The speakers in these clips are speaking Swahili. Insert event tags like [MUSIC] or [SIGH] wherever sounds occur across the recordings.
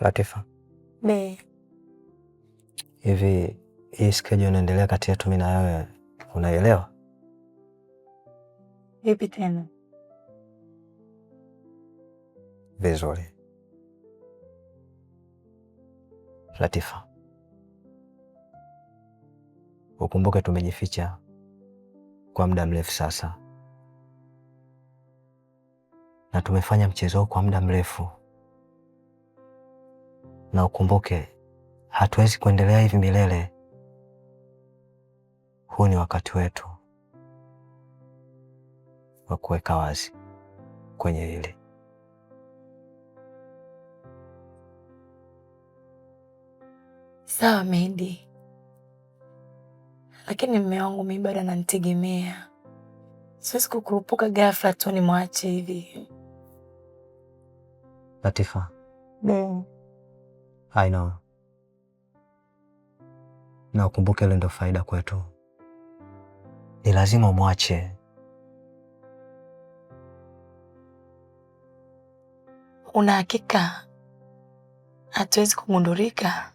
Latifa, Be. Hivi hii skeji inaendelea kati yetu mimi na wewe unaielewa? Vipi tena? Vizuri. Latifa, ukumbuke tumejificha kwa muda mrefu sasa, na tumefanya mchezo kwa muda mrefu na ukumbuke, hatuwezi kuendelea hivi milele. Huu ni wakati wetu wa kuweka wazi kwenye hili. Sawa Mendi, lakini mme wangu mimi bado ananitegemea. Siwezi kukurupuka ghafla tu nimwache hivi. Latifa. Mm haina na ukumbuke, ile ndio faida kwetu. Ni lazima umwache. Una hakika hatuwezi kugundulika?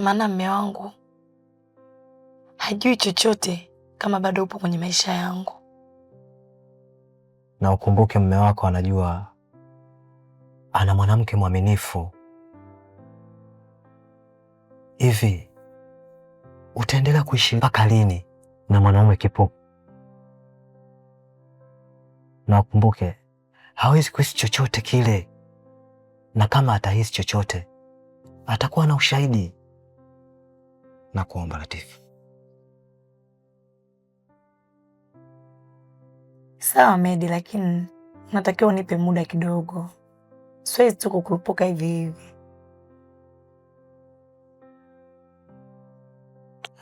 Maana mme wangu hajui chochote kama bado upo kwenye maisha yangu. Na ukumbuke mme wako anajua ana mwanamke mwaminifu. Hivi utaendelea kuishi mpaka lini na mwanaume kipofu? Na ukumbuke hawezi kuhisi chochote kile, na kama atahisi chochote atakuwa na ushahidi. Na kuomba Latifu. Sawa Medi, lakini natakiwa unipe muda kidogo siwezi tu kukurupuka hivi hivi.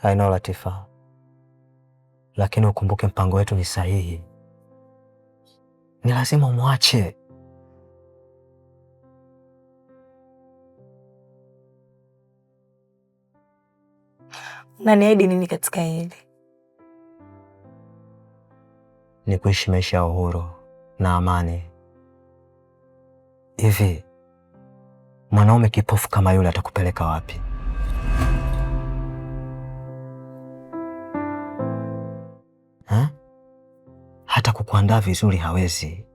I know Latifa, lakini ukumbuke mpango wetu ni sahihi, ni lazima umwache. Unaniahidi nini katika hili? Ni kuishi maisha ya uhuru na amani Hivi mwanaume kipofu kama yule atakupeleka wapi? Ha? Hata kukuandaa vizuri hawezi,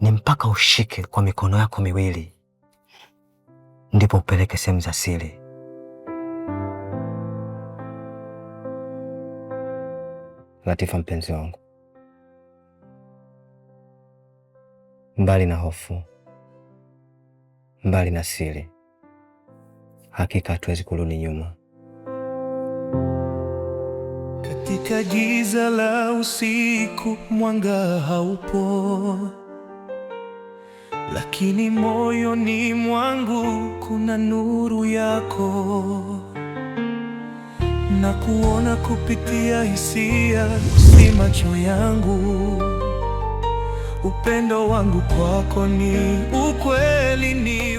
ni mpaka ushike kwa mikono yako miwili ndipo upeleke sehemu za siri. Latifa, mpenzi wangu, mbali na hofu mbali na siri. Hakika hatuwezi kurudi nyuma. Katika giza la usiku, mwanga haupo, lakini moyoni mwangu kuna nuru yako, na kuona kupitia hisia, si macho yangu. Upendo wangu kwako ni ukweli ni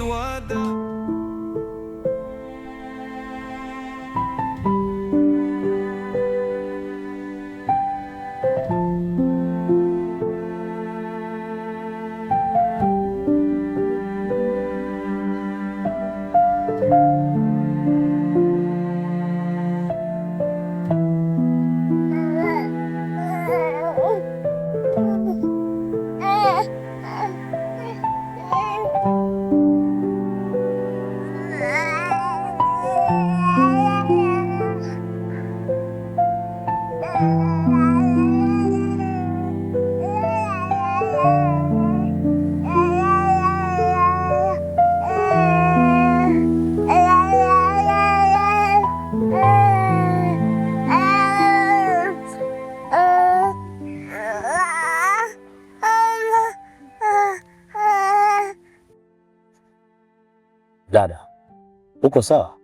uko sawa?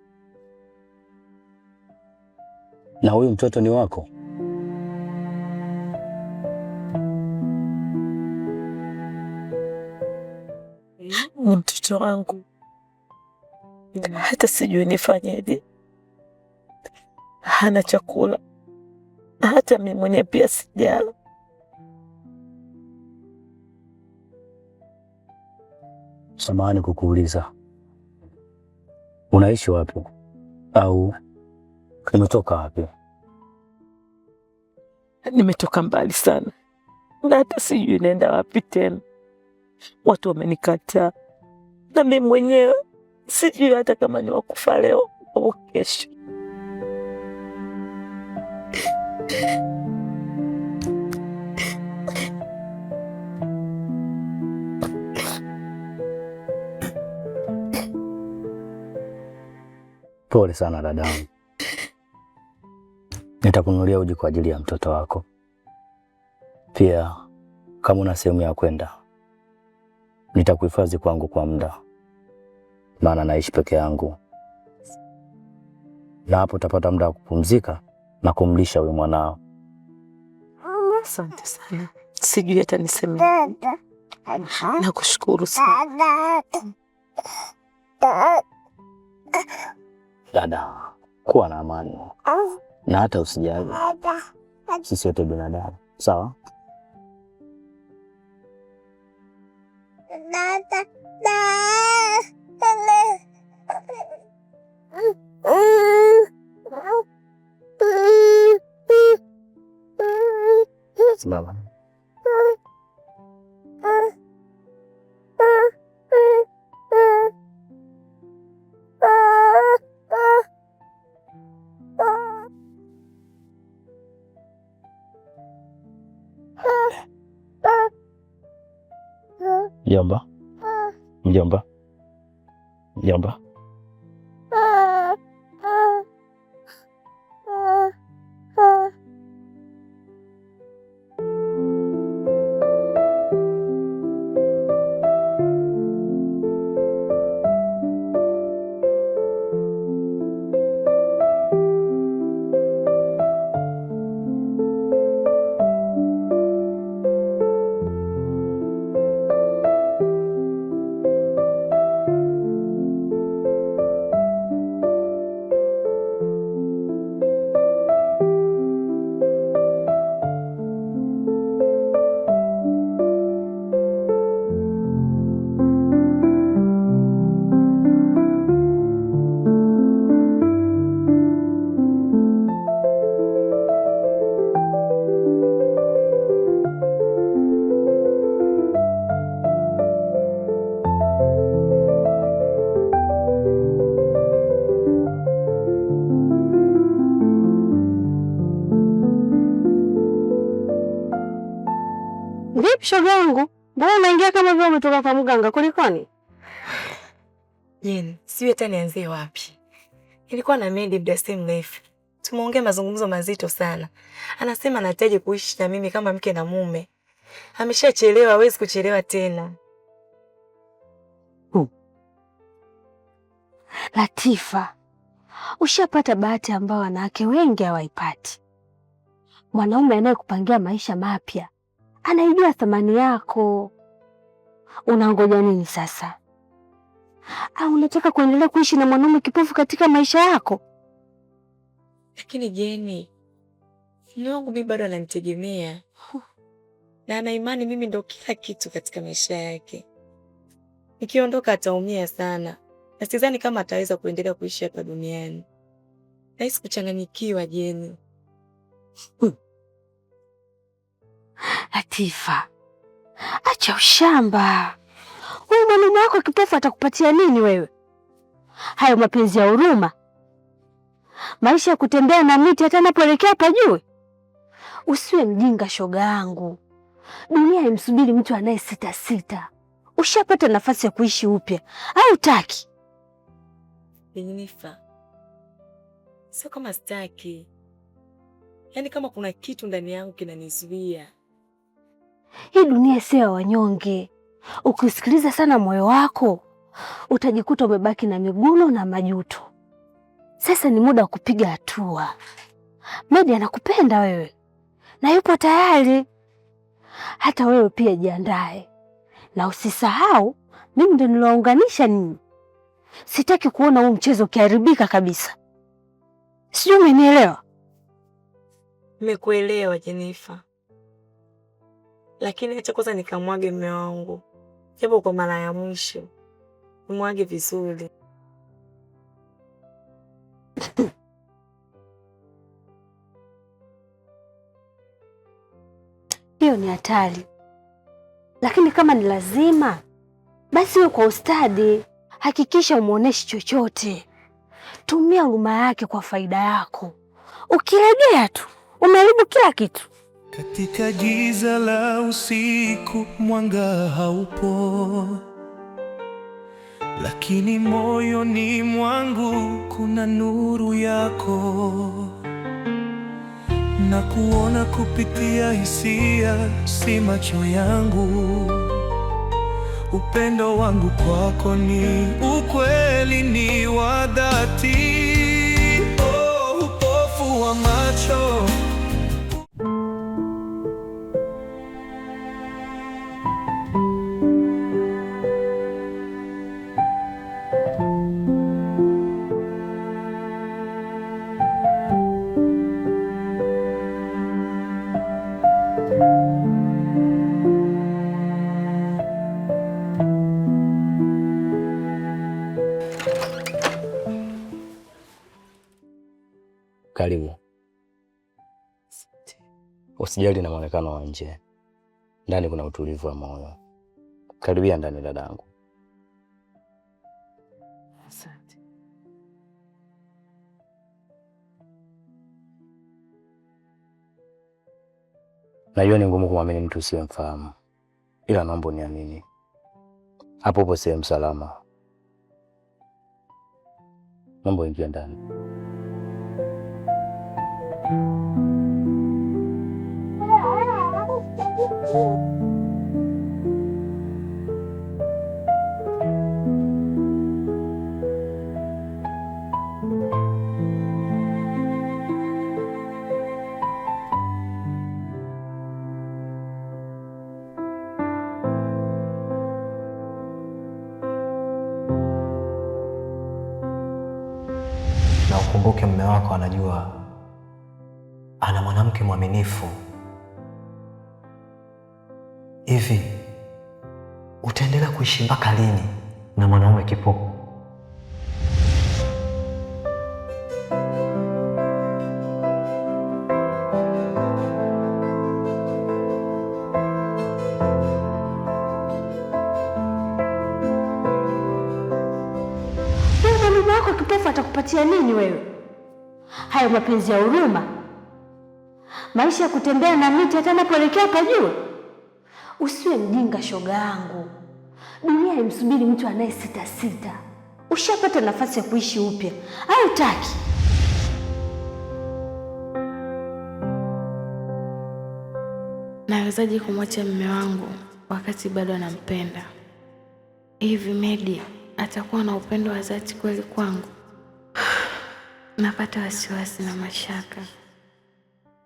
Na huyu mtoto ni wako? Ni mtoto wangu, hata sijui nifanyeje. Hana chakula hata mimi mwenyewe pia sijala. Samahani kukuuliza unaishi wapi au umetoka wapi? Nimetoka mbali sana na hata sijui naenda wapi tena. Watu wamenikataa na mimi mwenyewe sijui hata kama ni wakufa leo au kesho. Pole sana dadangu, nitakununulia uji kwa ajili ya mtoto wako. Pia kama una sehemu ya kwenda, nitakuhifadhi kwangu kwa muda, maana naishi peke yangu, na hapo utapata muda wa kupumzika na kumlisha huyu mwanao. Asante sana, sijui hata niseme. Nakushukuru sana. Dada, kuwa na amani na hata usijali, sisi wote binadamu sawa. Simama. Ah. Yamba, Yamba, bas. vyangu, mbona unaingia kama vile umetoka kwa mganga? Kulikoni? Jen, sijui hata nianzie wapi. Ilikuwa na Mendi muda si mrefu, tumeongea mazungumzo mazito sana. Anasema anahitaji kuishi na mimi kama mke na mume, ameshachelewa, hawezi kuchelewa tena. Hmm. Latifa, ushapata bahati ambayo wanawake wengi hawaipati, mwanaume anayekupangia maisha mapya anaijua thamani yako. Unangoja nini sasa? Au unataka kuendelea kuishi na mwanaume kipofu katika maisha yako? Lakini Jeni, mume wangu mimi bado ananitegemea na ana imani mimi ndo kila kitu katika maisha yake. Nikiondoka ataumia sana, na sidhani kama ataweza kuendelea kuishi hapa duniani. Nahisi kuchanganyikiwa Jeni. Latifa, acha ushamba. Huyu mwanaume wako kipofu atakupatia nini wewe? Hayo mapenzi ya huruma, maisha ya kutembea na miti hata anapoelekea pajue. Usiwe mjinga shoga yangu, dunia imsubiri mtu anaye sita sita. Ushapata nafasi ya kuishi upya au taki? Benifa, sio kama staki, yaani kama kuna kitu ndani yangu kinanizuia hii dunia sio ya wanyonge. Ukisikiliza sana moyo wako, utajikuta umebaki na miguno na majuto. Sasa ni muda wa kupiga hatua. Medi anakupenda wewe na yupo tayari. Hata wewe pia jiandae, na usisahau mimi ndo niliwaunganisha ninyi. Sitaki kuona huu mchezo ukiharibika kabisa. Sijui umenielewa? Nimekuelewa Jenifa lakini acha kwanza nikamwage mume wangu, japo kwa mara ya mwisho, nimwage vizuri. Hiyo ni hatari, lakini kama ni lazima, basi wewe kwa ustadi hakikisha umwoneshi chochote. Tumia huruma yake kwa faida yako. Ukiregea tu umeharibu kila kitu. Katika giza la usiku mwanga haupo, lakini moyoni mwangu kuna nuru yako, na kuona kupitia hisia, si macho yangu. Upendo wangu kwako ni ukweli, ni wa dhati. Oh, upofu wa macho karibu. Usijali na mwonekano wa nje, ndani kuna utulivu wa moyo. Karibia ndani dadangu. Najua ni ngumu kumwamini mtu mfahamu, ila naomba uniamini, hapo upo sehemu salama. Mambo ingia ndani. na ukumbuke mume wako anajua mwanamke mwaminifu. Hivi utaendelea kuishi mpaka lini na mwanaume kipofu? Mume wako kipofu atakupatia nini wewe? Hayo mapenzi ya huruma maisha ya kutembea na miti hata napoelekea pajue. Usiwe mjinga shoga yangu, dunia imsubiri mtu anaye sita sita. Ushapata nafasi ya kuishi upya au taki? Nawezaje kumwacha mume wangu wakati bado anampenda? Hivi Medi atakuwa na upendo wa dhati kweli kwangu? [SIGHS] Napata wasiwasi na mashaka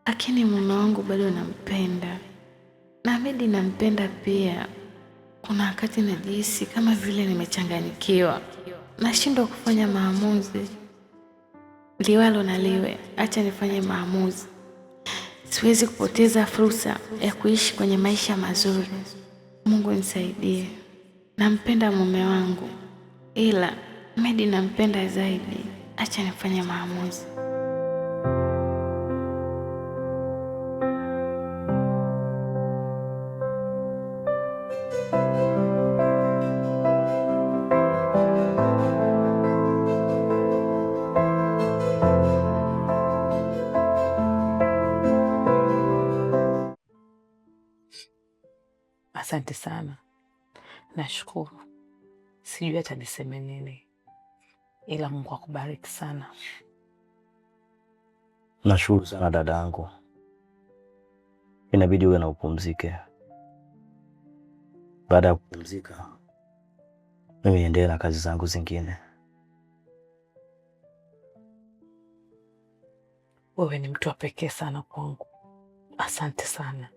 lakini mume wangu bado nampenda, na medi nampenda pia. Kuna wakati najihisi kama vile nimechanganyikiwa, nashindwa kufanya maamuzi liwalo na liwe. Acha nifanye maamuzi, siwezi kupoteza fursa ya kuishi kwenye maisha mazuri. Mungu nisaidie. Nampenda mume wangu, ila medi nampenda zaidi. Acha nifanye maamuzi. Asante sana, nashukuru. Sijui hata niseme nini, ila Mungu akubariki sana. Nashukuru sana dada yangu, inabidi uwe na upumzike. Baada ya kupumzika, mimi niendelee na kazi zangu zingine. Wewe ni mtu wa pekee sana kwangu, asante sana.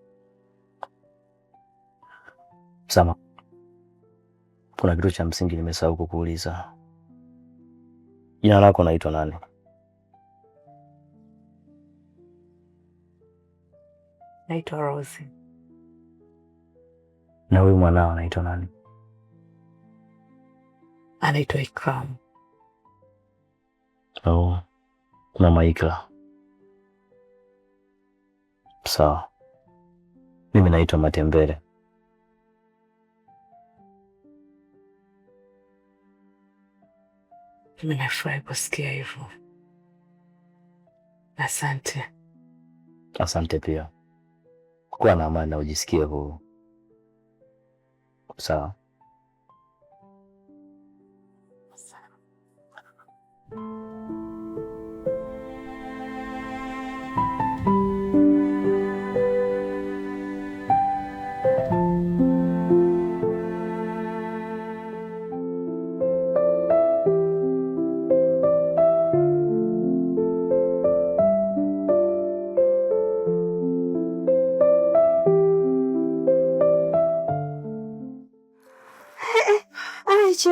Sama, kuna kitu cha msingi nimesahau kukuuliza. Jina lako naitwa nani? Naitwa Rose. Na huyu mwanao anaitwa nani? Anaitwa Ikram. Oh, kuna Maikra. Sawa, mimi naitwa Matembele. Nimefurahi kusikia hivyo, asante. Asante pia kuwa na amani na ujisikie huru, sawa.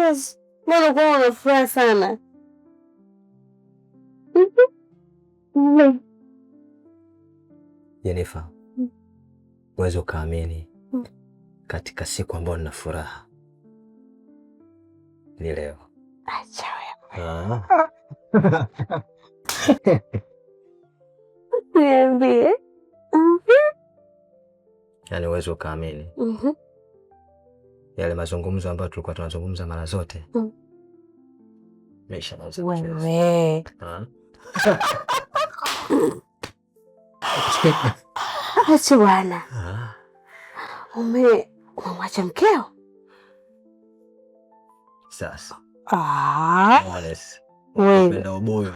Yes, mbona kuwa una furaha sana? Jenifa, huwezi ukaamini mm. katika siku ambayo nina furaha ni leo. Acha wewe. Ah. [LAUGHS] Niambie. Mm-hmm. Yaani uwezi ukaamini. Mm-hmm yale mazungumzo ambayo tulikuwa tunazungumza mara zote mm. Wewe [LAUGHS] achi bwana, ume umemwacha mkeo sasa? Ah. ubuyu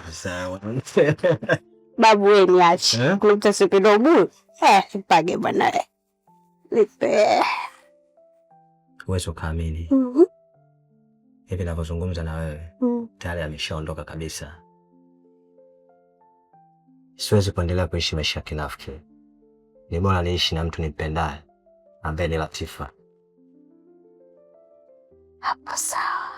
[LAUGHS] babu, we niache, eh? Kupenda ubuyu eh, kipage bwana, nipe huwezi ukaamini mm -hmm. hivi navyozungumza na wewe mm. tayari ameshaondoka kabisa. Siwezi kuendelea kuishi maisha ya kinafiki, ni bora niishi na mtu nimpendaye ambaye ni Latifa. Hapo sawa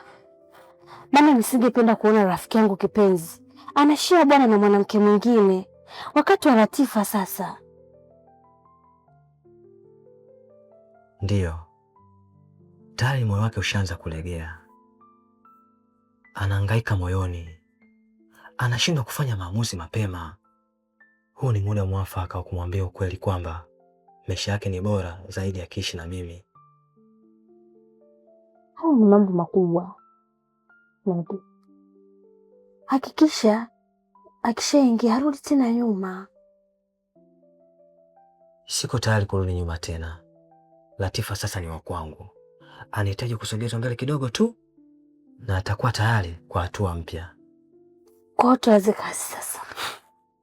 mimi nisingependa kuona rafiki yangu kipenzi anashia bwana na mwanamke mwingine wakati wa Latifa sasa. Ndiyo tayari moyo wake ushaanza kulegea, anahangaika moyoni, anashindwa kufanya maamuzi mapema. Huu ni muda mwafaka wa kumwambia ukweli kwamba maisha yake ni bora zaidi akiishi na mimi. Haya ni mambo makubwa. Hakikisha akishaingia harudi tena nyuma. Siko tayari kurudi nyuma tena. Latifa sasa ni wa kwangu anahitaji kusogezwa mbele kidogo tu na atakuwa tayari kwa hatua mpya. hiyo tuanze kazi sasa.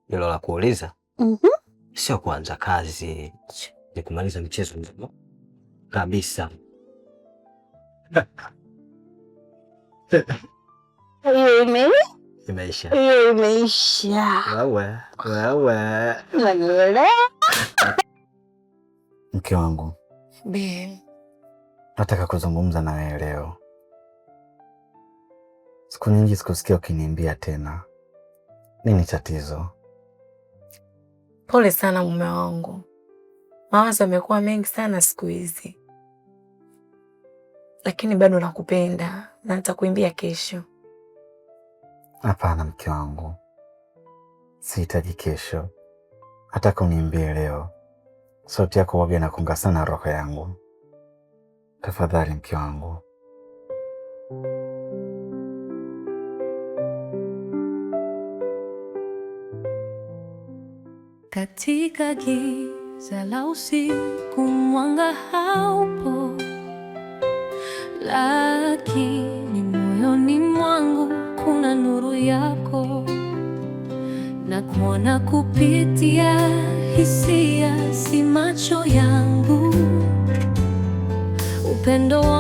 Hilo la kuuliza mm -hmm. Sio kuanza kazi, ni kumaliza mchezo mzima kabisa. Imeisha, imeisha. Wewe, wewe. Mke wangu. Be nataka kuzungumza na wewe leo. Siku nyingi sikusikia ukiniambia tena, nini tatizo? Pole sana mume wangu, mawazo yamekuwa mengi sana siku hizi, lakini bado nakupenda na nitakuimbia kesho. Hapana mke wangu, sihitaji kesho, hata uniimbie leo. Sauti yako waga inakunga sana roho yangu. Tafadhali mke wangu, katika giza la usiku mwanga haupo, lakini moyoni mwangu kuna nuru yako na kuona kupitia open door.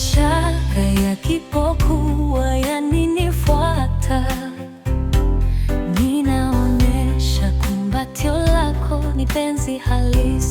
mashaka yakipokuwa yaninifuata, ninaonesha kumbatio lako, ni penzi halisi.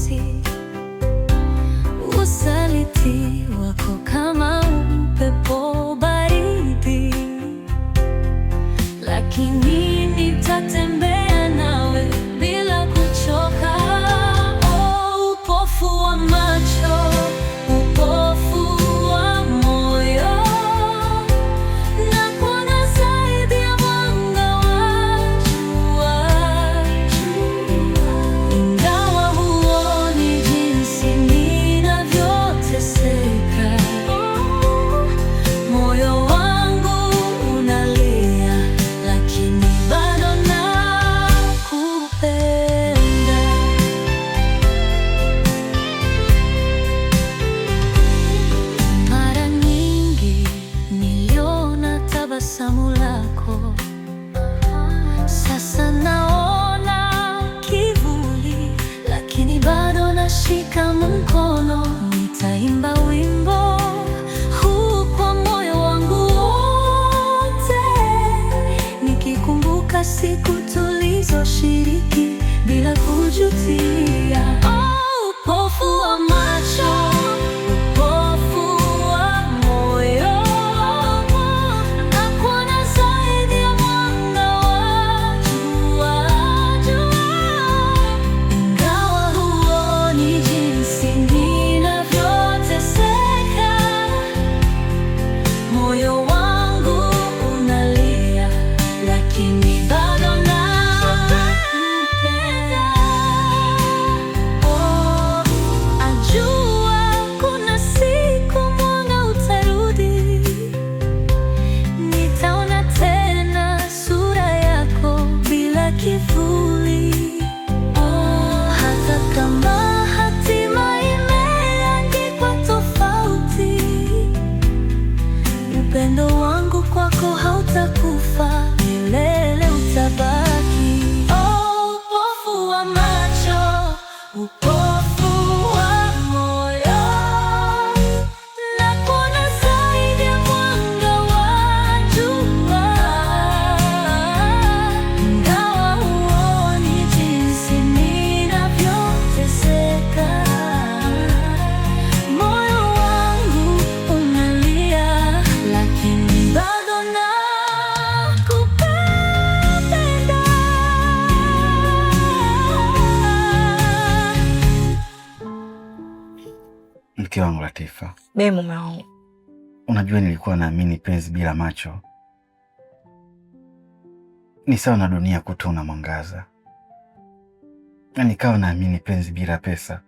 Be mume wangu, unajua nilikuwa naamini penzi bila macho ni sawa na dunia kuto na mwangaza, na nikawa naamini penzi bila pesa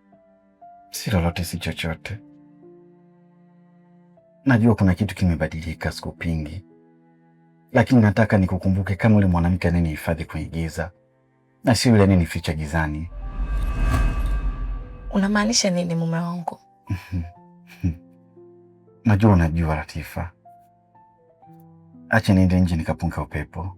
si lolote, si chochote. Najua kuna kitu kimebadilika, sikupingi, lakini nataka nikukumbuke kama ule mwanamke ananihifadhi kwenye giza na sio yule ananificha gizani. Unamaanisha nini mume wangu? Mhm. Najua unajua Latifa, acha niende nje nikapunga upepo.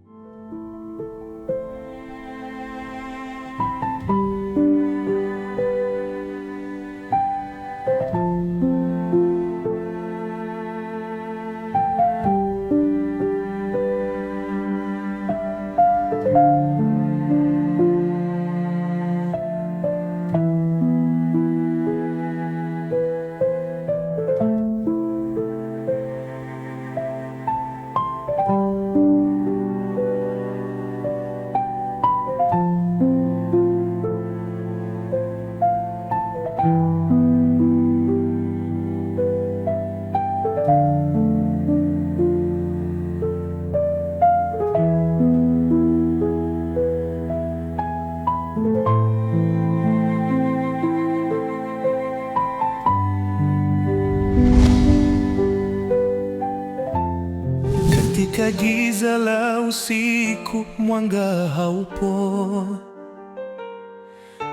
usiku mwanga haupo,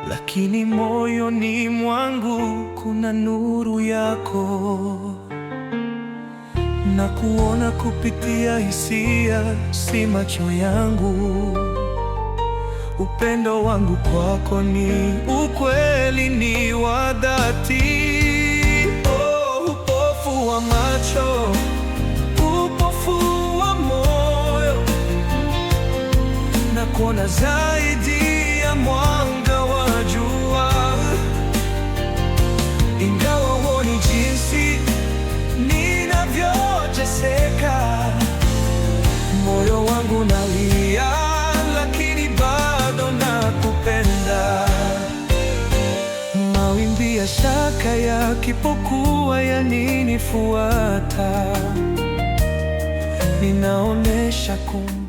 lakini moyoni mwangu kuna nuru yako, na kuona kupitia hisia, si macho yangu. Upendo wangu kwako ni ukweli, ni wa dhati. Oh, upofu wa macho kuona zaidi ya mwanga wa jua, ingawa huoni jinsi ninavyoteseka. Moyo wangu nalia, lakini bado nakupenda. Mawimbi ya shaka yakipokuwa yaninifuata, ninaonesha ku